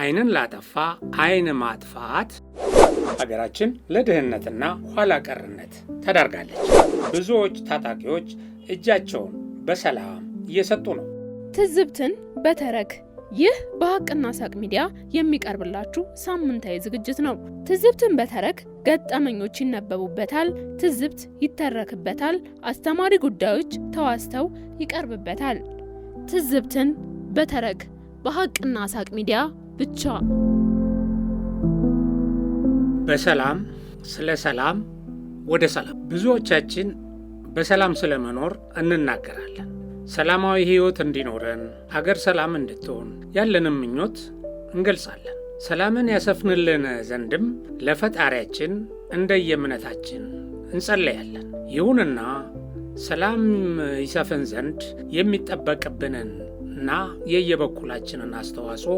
አይንን ላጠፋ አይን ማጥፋት ሀገራችን ለድህነትና ኋላ ቀርነት ተዳርጋለች። ብዙዎች ታጣቂዎች እጃቸውን በሰላም እየሰጡ ነው። ትዝብትን በተረክ ይህ በሀቅና ሳቅ ሚዲያ የሚቀርብላችሁ ሳምንታዊ ዝግጅት ነው። ትዝብትን በተረክ ገጠመኞች ይነበቡበታል፣ ትዝብት ይተረክበታል፣ አስተማሪ ጉዳዮች ተዋስተው ይቀርብበታል። ትዝብትን በተረክ በሀቅና ሳቅ ሚዲያ ብቻ በሰላም ስለ ሰላም ወደ ሰላም ብዙዎቻችን በሰላም ስለመኖር እንናገራለን። ሰላማዊ ሕይወት እንዲኖረን አገር ሰላም እንድትሆን ያለንም ምኞት እንገልጻለን። ሰላምን ያሰፍንልን ዘንድም ለፈጣሪያችን እንደየእምነታችን እንጸለያለን። ይሁንና ሰላም ይሰፍን ዘንድ የሚጠበቅብንን እና የየበኩላችንን አስተዋጽኦ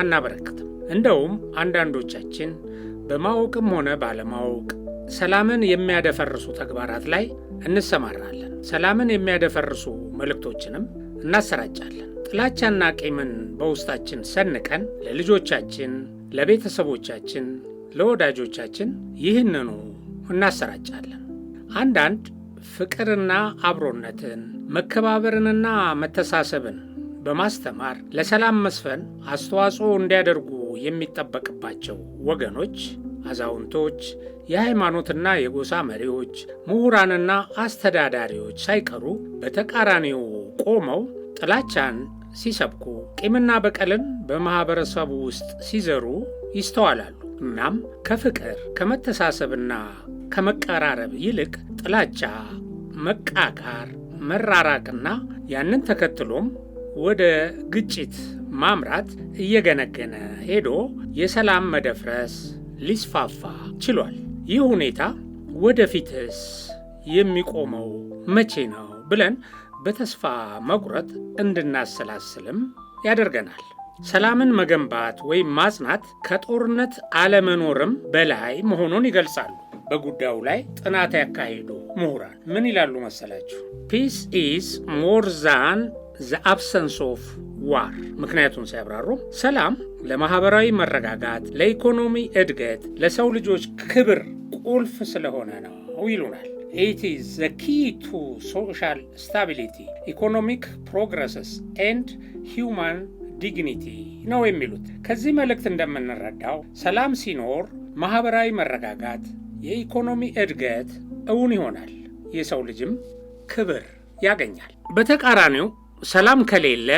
አናበረክትም። እንደውም አንዳንዶቻችን በማወቅም ሆነ ባለማወቅ ሰላምን የሚያደፈርሱ ተግባራት ላይ እንሰማራለን። ሰላምን የሚያደፈርሱ መልእክቶችንም እናሰራጫለን። ጥላቻና ቂምን በውስጣችን ሰንቀን ለልጆቻችን፣ ለቤተሰቦቻችን፣ ለወዳጆቻችን ይህንኑ እናሰራጫለን። አንዳንድ ፍቅርና አብሮነትን መከባበርንና መተሳሰብን በማስተማር ለሰላም መስፈን አስተዋጽኦ እንዲያደርጉ የሚጠበቅባቸው ወገኖች አዛውንቶች፣ የሃይማኖትና የጎሳ መሪዎች፣ ምሁራንና አስተዳዳሪዎች ሳይቀሩ በተቃራኒው ቆመው ጥላቻን ሲሰብኩ፣ ቂምና በቀልን በማኅበረሰቡ ውስጥ ሲዘሩ ይስተዋላሉ። እናም ከፍቅር ከመተሳሰብና ከመቀራረብ ይልቅ ጥላቻ፣ መቃቃር፣ መራራቅና ያንን ተከትሎም ወደ ግጭት ማምራት እየገነገነ ሄዶ የሰላም መደፍረስ ሊስፋፋ ችሏል። ይህ ሁኔታ ወደፊትስ የሚቆመው መቼ ነው ብለን በተስፋ መቁረጥ እንድናሰላስልም ያደርገናል። ሰላምን መገንባት ወይም ማጽናት ከጦርነት አለመኖርም በላይ መሆኑን ይገልጻሉ። በጉዳዩ ላይ ጥናት ያካሄዱ ምሁራን ምን ይላሉ መሰላችሁ? ፒስ ኢዝ ሞር ዛን ዘ አብሰንስ ኦፍ ዋር ምክንያቱን ሲያብራሩ ሰላም ለማህበራዊ መረጋጋት፣ ለኢኮኖሚ እድገት፣ ለሰው ልጆች ክብር ቁልፍ ስለሆነ ነው ይሉናል። ኢት ኢዝ ዘ ኪ ቱ ሶሻል ስታቢሊቲ ኢኮኖሚክ ፕሮግረስስ ኤንድ ሂውማን ዲግኒቲ ነው የሚሉት። ከዚህ መልእክት እንደምንረዳው ሰላም ሲኖር ማህበራዊ መረጋጋት፣ የኢኮኖሚ እድገት እውን ይሆናል፣ የሰው ልጅም ክብር ያገኛል። በተቃራኒው ሰላም ከሌለ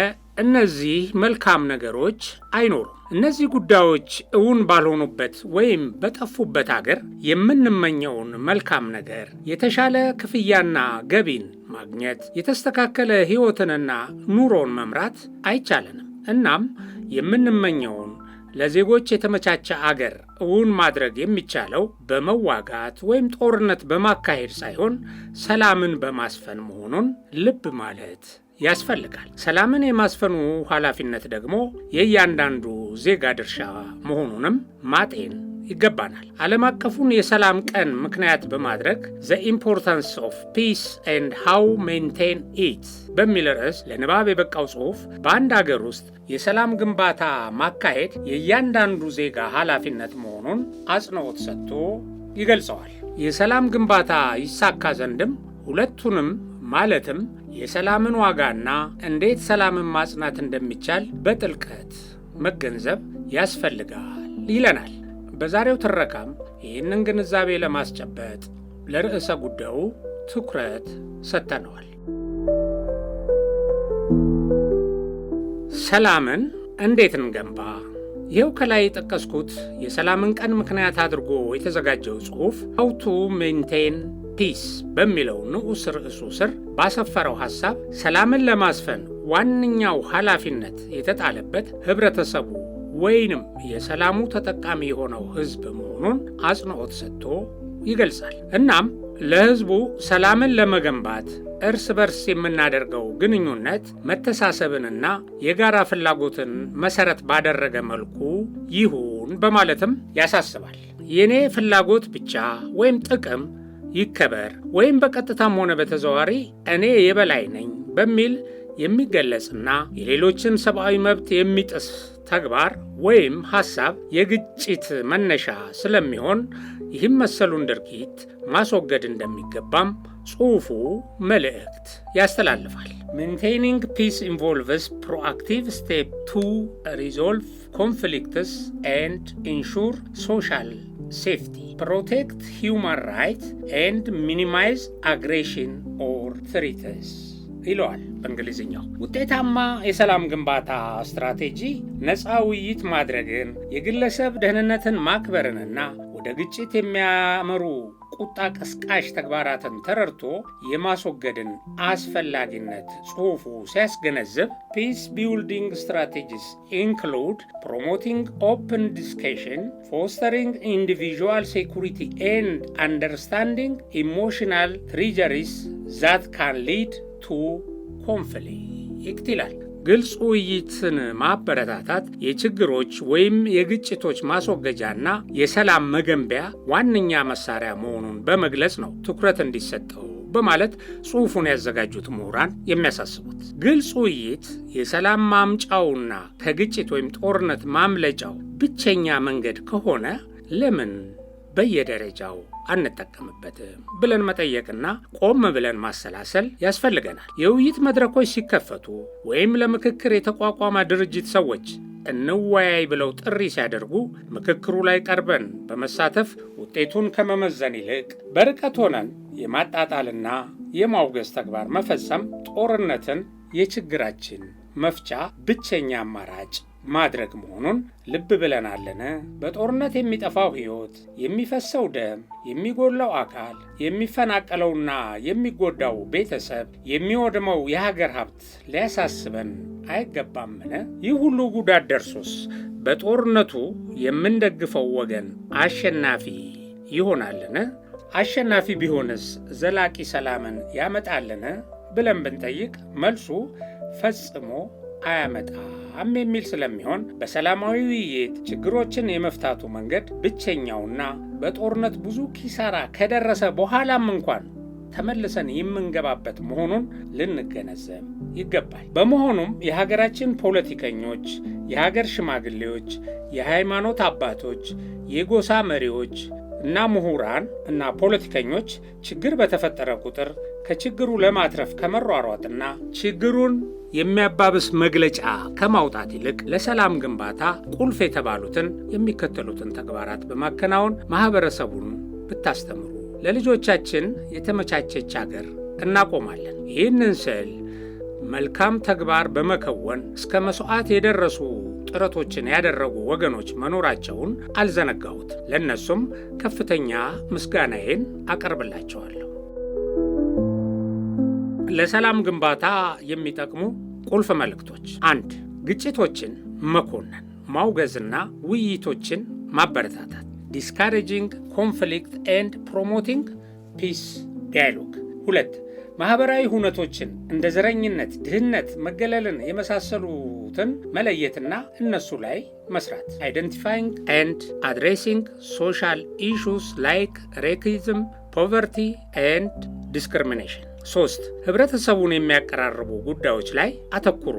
እነዚህ መልካም ነገሮች አይኖሩም። እነዚህ ጉዳዮች እውን ባልሆኑበት ወይም በጠፉበት አገር የምንመኘውን መልካም ነገር የተሻለ ክፍያና ገቢን ማግኘት፣ የተስተካከለ ሕይወትንና ኑሮን መምራት አይቻለንም። እናም የምንመኘውን ለዜጎች የተመቻቸ አገር እውን ማድረግ የሚቻለው በመዋጋት ወይም ጦርነት በማካሄድ ሳይሆን ሰላምን በማስፈን መሆኑን ልብ ማለት ያስፈልጋል። ሰላምን የማስፈኑ ኃላፊነት ደግሞ የእያንዳንዱ ዜጋ ድርሻ መሆኑንም ማጤን ይገባናል። ዓለም አቀፉን የሰላም ቀን ምክንያት በማድረግ ዘ ኢምፖርታንስ ኦፍ ፒስ ኤንድ ሃው ሜንቴን ኢት በሚል ርዕስ ለንባብ የበቃው ጽሑፍ በአንድ አገር ውስጥ የሰላም ግንባታ ማካሄድ የእያንዳንዱ ዜጋ ኃላፊነት መሆኑን አጽንኦት ሰጥቶ ይገልጸዋል። የሰላም ግንባታ ይሳካ ዘንድም ሁለቱንም ማለትም የሰላምን ዋጋና እንዴት ሰላምን ማጽናት እንደሚቻል በጥልቀት መገንዘብ ያስፈልጋል ይለናል። በዛሬው ትረካም ይህንን ግንዛቤ ለማስጨበጥ ለርዕሰ ጉዳዩ ትኩረት ሰጥተነዋል። ሰላምን እንዴት እንገንባ? ይኸው ከላይ የጠቀስኩት የሰላምን ቀን ምክንያት አድርጎ የተዘጋጀው ጽሑፍ ሃው ቱ ሜንቴን ፒስ በሚለው ንዑስ ርዕሱ ስር ባሰፈረው ሐሳብ ሰላምን ለማስፈን ዋነኛው ኃላፊነት የተጣለበት ህብረተሰቡ ወይንም የሰላሙ ተጠቃሚ የሆነው ህዝብ መሆኑን አጽንዖት ሰጥቶ ይገልጻል። እናም ለህዝቡ ሰላምን ለመገንባት እርስ በርስ የምናደርገው ግንኙነት መተሳሰብንና የጋራ ፍላጎትን መሰረት ባደረገ መልኩ ይሁን በማለትም ያሳስባል። የእኔ ፍላጎት ብቻ ወይም ጥቅም ይከበር ወይም በቀጥታም ሆነ በተዘዋሪ እኔ የበላይ ነኝ በሚል የሚገለጽና የሌሎችን ሰብአዊ መብት የሚጥስ ተግባር ወይም ሐሳብ የግጭት መነሻ ስለሚሆን ይህም መሰሉን ድርጊት ማስወገድ እንደሚገባም ጽሑፉ መልእክት ያስተላልፋል። ሜንቴኒንግ ፒስ ኢንቮልቭስ ፕሮአክቲቭ ስቴፕ ቱ ሪዞልቭ ኮንፍሊክትስ ኤንድ ኢንሹር ሶሻል ሴፍቲ ፕሮቴክት human ራይት and ሚኒማይዝ አግሬሽን or threats. ይለዋል በእንግሊዝኛው። ውጤታማ የሰላም ግንባታ ስትራቴጂ ነፃ ውይይት ማድረግን፣ የግለሰብ ደህንነትን ማክበርንና ወደ ግጭት የሚያመሩ ቁጣ ቀስቃሽ ተግባራትን ተረድቶ የማስወገድን አስፈላጊነት ጽሑፉ ሲያስገነዝብ ፒስ ቢውልዲንግ ስትራቴጂስ ኢንክሉድ ፕሮሞቲንግ ኦፕን ዲስከሽን፣ ፎስተሪንግ ኢንዲቪዥዋል ሴኩሪቲ ኤንድ አንደርስታንዲንግ ኢሞሽናል ትሪጀሪስ ዛት ካን ሊድ ቱ ኮንፍሊክት ይላል። ግልጽ ውይይትን ማበረታታት የችግሮች ወይም የግጭቶች ማስወገጃና የሰላም መገንቢያ ዋነኛ መሳሪያ መሆኑን በመግለጽ ነው ትኩረት እንዲሰጠው በማለት ጽሑፉን ያዘጋጁት ምሁራን የሚያሳስቡት። ግልጽ ውይይት የሰላም ማምጫውና ከግጭት ወይም ጦርነት ማምለጫው ብቸኛ መንገድ ከሆነ ለምን በየደረጃው አንጠቀምበትም ብለን መጠየቅና ቆም ብለን ማሰላሰል ያስፈልገናል። የውይይት መድረኮች ሲከፈቱ ወይም ለምክክር የተቋቋመ ድርጅት ሰዎች እንወያይ ብለው ጥሪ ሲያደርጉ ምክክሩ ላይ ቀርበን በመሳተፍ ውጤቱን ከመመዘን ይልቅ በርቀት ሆነን የማጣጣልና የማውገዝ ተግባር መፈጸም ጦርነትን የችግራችን መፍቻ ብቸኛ አማራጭ ማድረግ መሆኑን ልብ ብለናለን። በጦርነት የሚጠፋው ሕይወት፣ የሚፈሰው ደም፣ የሚጎላው አካል፣ የሚፈናቀለውና የሚጎዳው ቤተሰብ፣ የሚወድመው የሀገር ሀብት ሊያሳስበን አይገባምን? ይህ ሁሉ ጉዳት ደርሶስ በጦርነቱ የምንደግፈው ወገን አሸናፊ ይሆናልን? አሸናፊ ቢሆንስ ዘላቂ ሰላምን ያመጣልን ብለን ብንጠይቅ መልሱ ፈጽሞ አያመጣም የሚል ስለሚሆን በሰላማዊ ውይይት ችግሮችን የመፍታቱ መንገድ ብቸኛውና በጦርነት ብዙ ኪሳራ ከደረሰ በኋላም እንኳን ተመልሰን የምንገባበት መሆኑን ልንገነዘብ ይገባል። በመሆኑም የሀገራችን ፖለቲከኞች፣ የሀገር ሽማግሌዎች፣ የሃይማኖት አባቶች፣ የጎሳ መሪዎች እና ምሁራን እና ፖለቲከኞች ችግር በተፈጠረ ቁጥር ከችግሩ ለማትረፍ ከመሯሯጥና ችግሩን የሚያባብስ መግለጫ ከማውጣት ይልቅ ለሰላም ግንባታ ቁልፍ የተባሉትን የሚከተሉትን ተግባራት በማከናወን ማህበረሰቡን ብታስተምሩ ለልጆቻችን የተመቻቸች አገር እናቆማለን። ይህንን ስል መልካም ተግባር በመከወን እስከ መሥዋዕት የደረሱ ጥረቶችን ያደረጉ ወገኖች መኖራቸውን አልዘነጋሁት። ለእነሱም ከፍተኛ ምስጋናዬን አቀርብላቸዋለሁ። ለሰላም ግንባታ የሚጠቅሙ ቁልፍ መልእክቶች፣ አንድ ግጭቶችን መኮነን ማውገዝና ውይይቶችን ማበረታታት፣ ዲስካሬጂንግ ኮንፍሊክት ኤንድ ፕሮሞቲንግ ፒስ ዳያሎግ። ሁለት ማህበራዊ ሁነቶችን እንደ ዘረኝነት፣ ድህነት፣ መገለልን የመሳሰሉትን መለየትና እነሱ ላይ መስራት። አይደንቲፋይንግ ኤንድ አድሬሲንግ ሶሻል ኢሹስ ላይክ ሬኪዝም፣ ፖቨርቲ ኤንድ ዲስክሪሚኔሽን ሶስት ህብረተሰቡን የሚያቀራርቡ ጉዳዮች ላይ አተኩሮ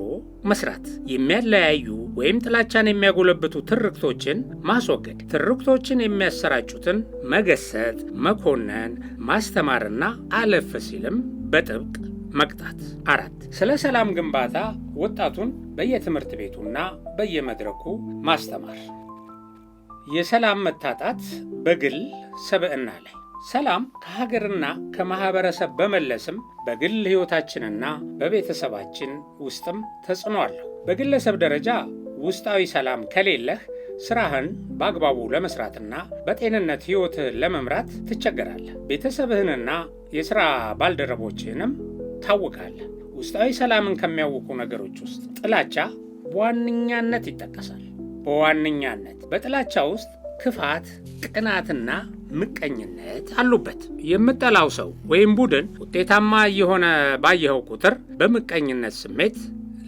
መስራት፣ የሚያለያዩ ወይም ጥላቻን የሚያጎለብቱ ትርክቶችን ማስወገድ፣ ትርክቶችን የሚያሰራጩትን መገሰጥ፣ መኮነን፣ ማስተማርና አለፍ ሲልም በጥብቅ መቅጣት። አራት ስለ ሰላም ግንባታ ወጣቱን በየትምህርት ቤቱና በየመድረኩ ማስተማር። የሰላም መታጣት በግል ሰብዕና ላይ ሰላም ከሀገርና ከማኅበረሰብ በመለስም በግል ሕይወታችንና በቤተሰባችን ውስጥም ተጽዕኖ አለው። በግለሰብ ደረጃ ውስጣዊ ሰላም ከሌለህ ስራህን በአግባቡ ለመስራትና በጤንነት ሕይወትህን ለመምራት ትቸገራለህ። ቤተሰብህንና የሥራ ባልደረቦችህንም ታውቃለህ። ውስጣዊ ሰላምን ከሚያውቁ ነገሮች ውስጥ ጥላቻ በዋነኛነት ይጠቀሳል። በዋነኛነት በጥላቻ ውስጥ ክፋት፣ ቅናትና ምቀኝነት አሉበት። የምጠላው ሰው ወይም ቡድን ውጤታማ እየሆነ ባየኸው ቁጥር በምቀኝነት ስሜት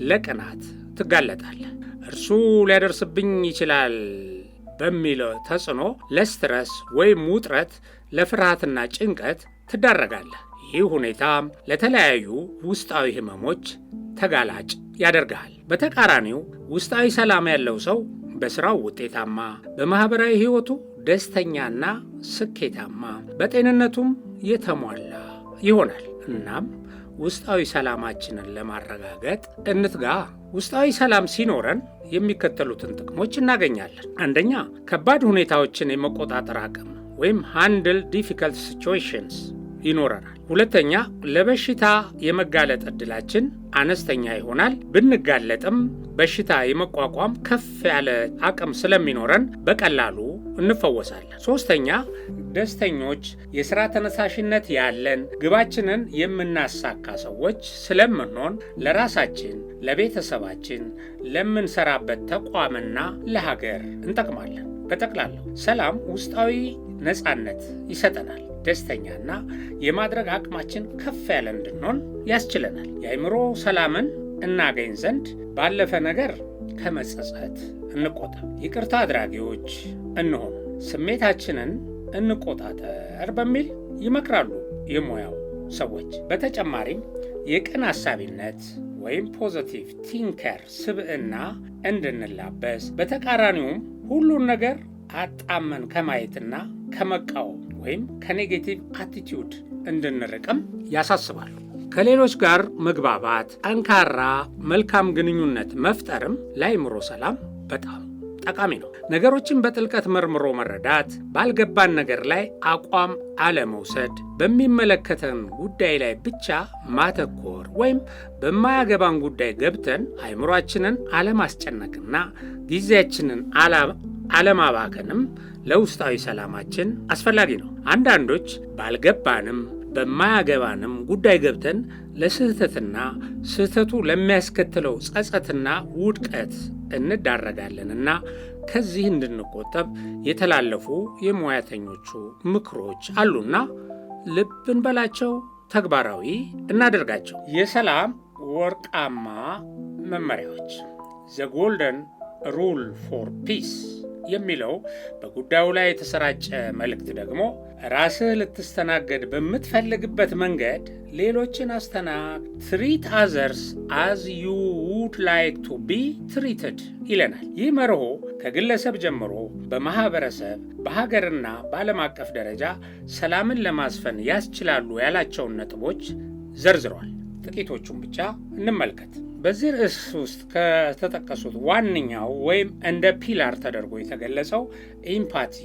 ለቅናት ትጋለጣለህ። እርሱ ሊያደርስብኝ ይችላል በሚለው ተጽዕኖ ለስትረስ ወይም ውጥረት፣ ለፍርሃትና ጭንቀት ትዳረጋለህ። ይህ ሁኔታም ለተለያዩ ውስጣዊ ህመሞች ተጋላጭ ያደርግሃል። በተቃራኒው ውስጣዊ ሰላም ያለው ሰው በሥራው ውጤታማ፣ በማኅበራዊ ሕይወቱ ደስተኛና ስኬታማ በጤንነቱም የተሟላ ይሆናል። እናም ውስጣዊ ሰላማችንን ለማረጋገጥ እንትጋ። ውስጣዊ ሰላም ሲኖረን የሚከተሉትን ጥቅሞች እናገኛለን። አንደኛ፣ ከባድ ሁኔታዎችን የመቆጣጠር አቅም ወይም ሃንድል ዲፊከልት ሲቹዌሽንስ ይኖረናል። ሁለተኛ፣ ለበሽታ የመጋለጥ ዕድላችን አነስተኛ ይሆናል። ብንጋለጥም በሽታ የመቋቋም ከፍ ያለ አቅም ስለሚኖረን በቀላሉ እንፈወሳለን። ሶስተኛ ደስተኞች፣ የሥራ ተነሳሽነት ያለን፣ ግባችንን የምናሳካ ሰዎች ስለምንሆን ለራሳችን፣ ለቤተሰባችን፣ ለምንሰራበት ተቋምና ለሀገር እንጠቅማለን። በጠቅላላው ሰላም ውስጣዊ ነፃነት ይሰጠናል። ደስተኛና የማድረግ አቅማችን ከፍ ያለ እንድንሆን ያስችለናል። የአእምሮ ሰላምን እናገኝ ዘንድ ባለፈ ነገር ከመጸጸት እንቆጠብ። ይቅርታ አድራጊዎች እንሆን፣ ስሜታችንን እንቆጣጠር በሚል ይመክራሉ የሙያው ሰዎች። በተጨማሪም የቅን አሳቢነት ወይም ፖዘቲቭ ቲንከር ስብዕና እንድንላበስ በተቃራኒውም ሁሉን ነገር አጣመን ከማየትና ከመቃወም ወይም ከኔጌቲቭ አቲቲዩድ እንድንርቅም ያሳስባሉ። ከሌሎች ጋር መግባባት፣ ጠንካራ መልካም ግንኙነት መፍጠርም ለአእምሮ ሰላም በጣም ጠቃሚ ነው። ነገሮችን በጥልቀት መርምሮ መረዳት፣ ባልገባን ነገር ላይ አቋም አለመውሰድ፣ በሚመለከተን ጉዳይ ላይ ብቻ ማተኮር ወይም በማያገባን ጉዳይ ገብተን አእምሯችንን አለማስጨነቅና ጊዜያችንን አለማባከንም ለውስጣዊ ሰላማችን አስፈላጊ ነው። አንዳንዶች ባልገባንም በማያገባንም ጉዳይ ገብተን ለስህተትና ስህተቱ ለሚያስከትለው ጸጸትና ውድቀት እንዳረጋለንና ከዚህ እንድንቆጠብ የተላለፉ የሙያተኞቹ ምክሮች አሉና ልብ በላቸው፣ ተግባራዊ እናደርጋቸው። የሰላም ወርቃማ መመሪያዎች ዘ ጎልደን ሩል ፎር ፒስ የሚለው በጉዳዩ ላይ የተሰራጨ መልእክት ደግሞ ራስህ ልትስተናገድ በምትፈልግበት መንገድ ሌሎችን አስተናግ። ትሪት አዘርስ አዝ ዩ ውድ ላይክ ቱ ቢ ትሪትድ ይለናል። ይህ መርሆ ከግለሰብ ጀምሮ በማኅበረሰብ በሀገርና በዓለም አቀፍ ደረጃ ሰላምን ለማስፈን ያስችላሉ ያላቸውን ነጥቦች ዘርዝሯል። ጥቂቶቹን ብቻ እንመልከት። በዚህ ርዕስ ውስጥ ከተጠቀሱት ዋነኛው ወይም እንደ ፒላር ተደርጎ የተገለጸው ኢምፓቲ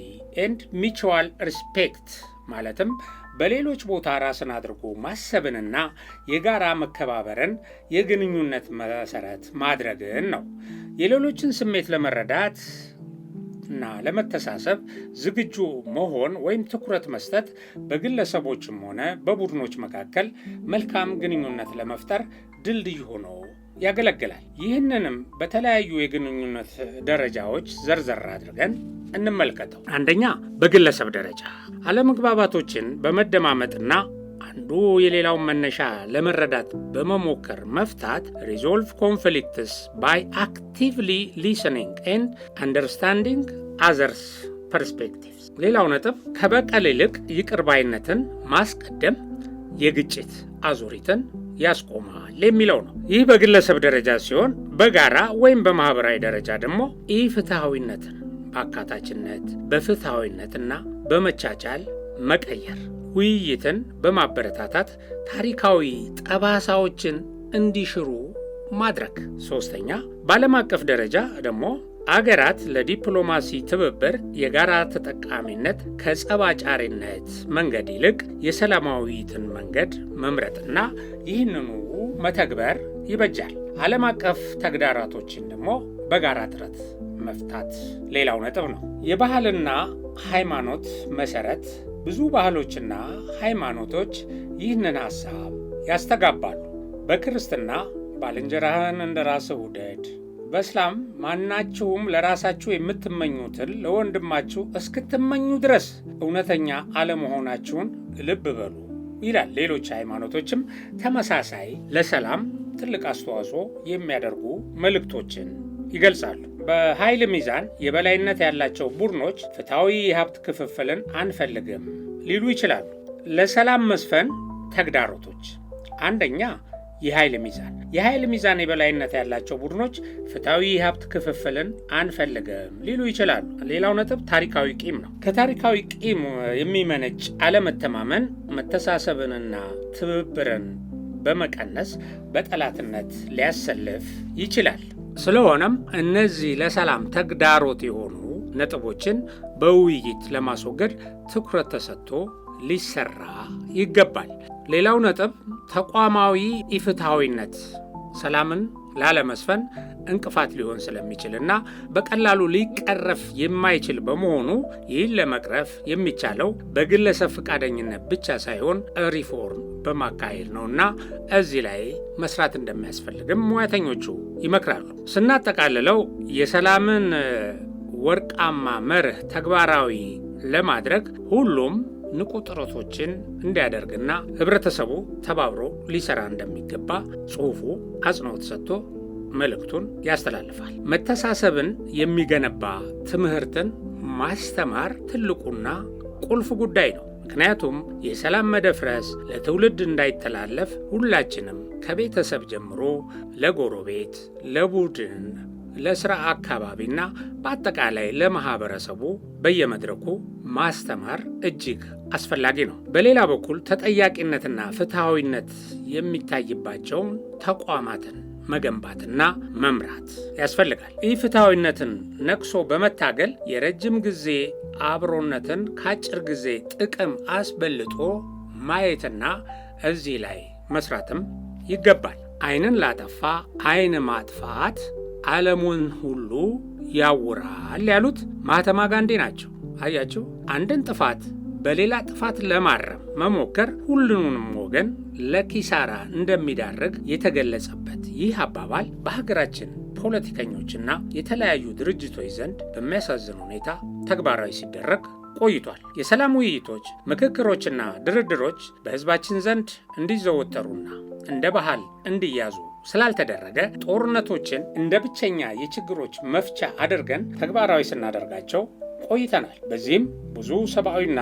ኤንድ ሚቹዋል ሪስፔክት ማለትም በሌሎች ቦታ ራስን አድርጎ ማሰብንና የጋራ መከባበርን የግንኙነት መሰረት ማድረግን ነው። የሌሎችን ስሜት ለመረዳት እና ለመተሳሰብ ዝግጁ መሆን ወይም ትኩረት መስጠት በግለሰቦችም ሆነ በቡድኖች መካከል መልካም ግንኙነት ለመፍጠር ድልድይ ሆኖ ያገለግላል። ይህንንም በተለያዩ የግንኙነት ደረጃዎች ዘርዘር አድርገን እንመልከተው። አንደኛ በግለሰብ ደረጃ አለመግባባቶችን በመደማመጥና አንዱ የሌላውን መነሻ ለመረዳት በመሞከር መፍታት። ሪዞልቭ ኮንፍሊክትስ ባይ አክቲቭሊ ሊስኒንግ ኤንድ አንደርስታንዲንግ አዘርስ ፐርስፔክቲቭስ። ሌላው ነጥብ ከበቀል ይልቅ ይቅርባይነትን ማስቀደም የግጭት አዙሪትን ያስቆማል የሚለው ነው። ይህ በግለሰብ ደረጃ ሲሆን፣ በጋራ ወይም በማህበራዊ ደረጃ ደግሞ ፍትሐዊነትን በአካታችነት በፍትሐዊነትና በመቻቻል መቀየር፣ ውይይትን በማበረታታት ታሪካዊ ጠባሳዎችን እንዲሽሩ ማድረግ። ሶስተኛ በዓለም አቀፍ ደረጃ ደግሞ አገራት ለዲፕሎማሲ ትብብር የጋራ ተጠቃሚነት ከጸባጫሪነት መንገድ ይልቅ የሰላማዊትን መንገድ መምረጥና ይህንኑ መተግበር ይበጃል። ዓለም አቀፍ ተግዳራቶችን ደግሞ በጋራ ጥረት መፍታት ሌላው ነጥብ ነው። የባህልና ሃይማኖት መሰረት ብዙ ባህሎችና ሃይማኖቶች ይህንን ሐሳብ ያስተጋባሉ። በክርስትና ባልንጀራህን እንደ ራስህ ውደድ በእስላም ማናችሁም ለራሳችሁ የምትመኙትን ለወንድማችሁ እስክትመኙ ድረስ እውነተኛ አለመሆናችሁን ልብ በሉ ይላል። ሌሎች ሃይማኖቶችም ተመሳሳይ ለሰላም ትልቅ አስተዋጽኦ የሚያደርጉ መልእክቶችን ይገልጻሉ። በኃይል ሚዛን የበላይነት ያላቸው ቡድኖች ፍትሐዊ የሀብት ክፍፍልን አንፈልግም ሊሉ ይችላሉ። ለሰላም መስፈን ተግዳሮቶች አንደኛ የኃይል ሚዛን የኃይል ሚዛን የበላይነት ያላቸው ቡድኖች ፍትሐዊ የሀብት ክፍፍልን አንፈልግም ሊሉ ይችላሉ። ሌላው ነጥብ ታሪካዊ ቂም ነው። ከታሪካዊ ቂም የሚመነጭ አለመተማመን መተሳሰብንና ትብብርን በመቀነስ በጠላትነት ሊያሰልፍ ይችላል። ስለሆነም እነዚህ ለሰላም ተግዳሮት የሆኑ ነጥቦችን በውይይት ለማስወገድ ትኩረት ተሰጥቶ ሊሰራ ይገባል። ሌላው ነጥብ ተቋማዊ ኢፍትሐዊነት ሰላምን ላለመስፈን እንቅፋት ሊሆን ስለሚችል እና በቀላሉ ሊቀረፍ የማይችል በመሆኑ ይህን ለመቅረፍ የሚቻለው በግለሰብ ፈቃደኝነት ብቻ ሳይሆን ሪፎርም በማካሄድ ነው እና እዚህ ላይ መስራት እንደሚያስፈልግም ሙያተኞቹ ይመክራሉ። ስናጠቃልለው የሰላምን ወርቃማ መርህ ተግባራዊ ለማድረግ ሁሉም ንቁ ጥረቶችን እንዲያደርግና ህብረተሰቡ ተባብሮ ሊሰራ እንደሚገባ ጽሑፉ አጽንኦት ሰጥቶ መልእክቱን ያስተላልፋል። መተሳሰብን የሚገነባ ትምህርትን ማስተማር ትልቁና ቁልፍ ጉዳይ ነው። ምክንያቱም የሰላም መደፍረስ ለትውልድ እንዳይተላለፍ ሁላችንም ከቤተሰብ ጀምሮ ለጎረቤት፣ ለቡድን ለስራ አካባቢና በአጠቃላይ ለማህበረሰቡ በየመድረኩ ማስተማር እጅግ አስፈላጊ ነው። በሌላ በኩል ተጠያቂነትና ፍትሐዊነት የሚታይባቸውን ተቋማትን መገንባትና መምራት ያስፈልጋል። ይህ ፍትሐዊነትን ነቅሶ በመታገል የረጅም ጊዜ አብሮነትን ከአጭር ጊዜ ጥቅም አስበልጦ ማየትና እዚህ ላይ መስራትም ይገባል። ዓይንን ላጠፋ ዓይን ማጥፋት ዓለሙን ሁሉ ያውራል ያሉት ማህተማ ጋንዴ ናቸው። አያቸው አንድን ጥፋት በሌላ ጥፋት ለማረም መሞከር ሁሉንም ወገን ለኪሳራ እንደሚዳርግ የተገለጸበት ይህ አባባል በሀገራችን ፖለቲከኞችና የተለያዩ ድርጅቶች ዘንድ በሚያሳዝን ሁኔታ ተግባራዊ ሲደረግ ቆይቷል። የሰላም ውይይቶች፣ ምክክሮችና ድርድሮች በሕዝባችን ዘንድ እንዲዘወተሩና እንደ ባህል እንዲያዙ ስላልተደረገ ጦርነቶችን እንደ ብቸኛ የችግሮች መፍቻ አድርገን ተግባራዊ ስናደርጋቸው ቆይተናል። በዚህም ብዙ ሰብአዊና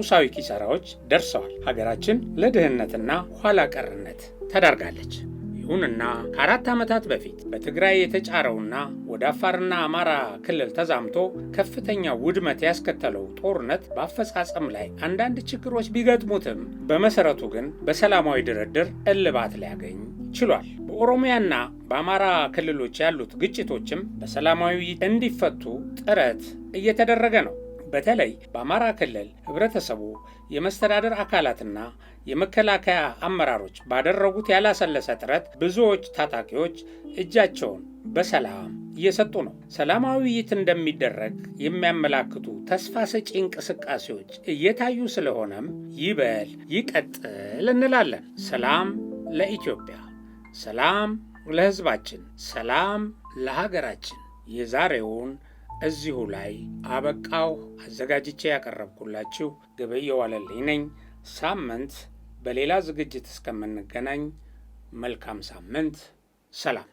ቁሳዊ ኪሳራዎች ደርሰዋል። ሀገራችን ለድህነትና ኋላ ቀርነት ተዳርጋለች። ይሁንና ከአራት ዓመታት በፊት በትግራይ የተጫረውና ወደ አፋርና አማራ ክልል ተዛምቶ ከፍተኛ ውድመት ያስከተለው ጦርነት በአፈጻጸም ላይ አንዳንድ ችግሮች ቢገጥሙትም በመሰረቱ ግን በሰላማዊ ድርድር እልባት ሊያገኝ ችሏል። በኦሮሚያና በአማራ ክልሎች ያሉት ግጭቶችም በሰላማዊ እንዲፈቱ ጥረት እየተደረገ ነው። በተለይ በአማራ ክልል ህብረተሰቡ፣ የመስተዳደር አካላትና የመከላከያ አመራሮች ባደረጉት ያላሰለሰ ጥረት ብዙዎች ታጣቂዎች እጃቸውን በሰላም እየሰጡ ነው። ሰላማዊ ውይይት እንደሚደረግ የሚያመላክቱ ተስፋ ሰጪ እንቅስቃሴዎች እየታዩ ስለሆነም ይበል ይቀጥል እንላለን። ሰላም ለኢትዮጵያ። ሰላም ለሕዝባችን፣ ሰላም ለሀገራችን። የዛሬውን እዚሁ ላይ አበቃሁ። አዘጋጅቼ ያቀረብኩላችሁ ገበየሁ ዋለልኝ ነኝ። ሳምንት በሌላ ዝግጅት እስከምንገናኝ መልካም ሳምንት። ሰላም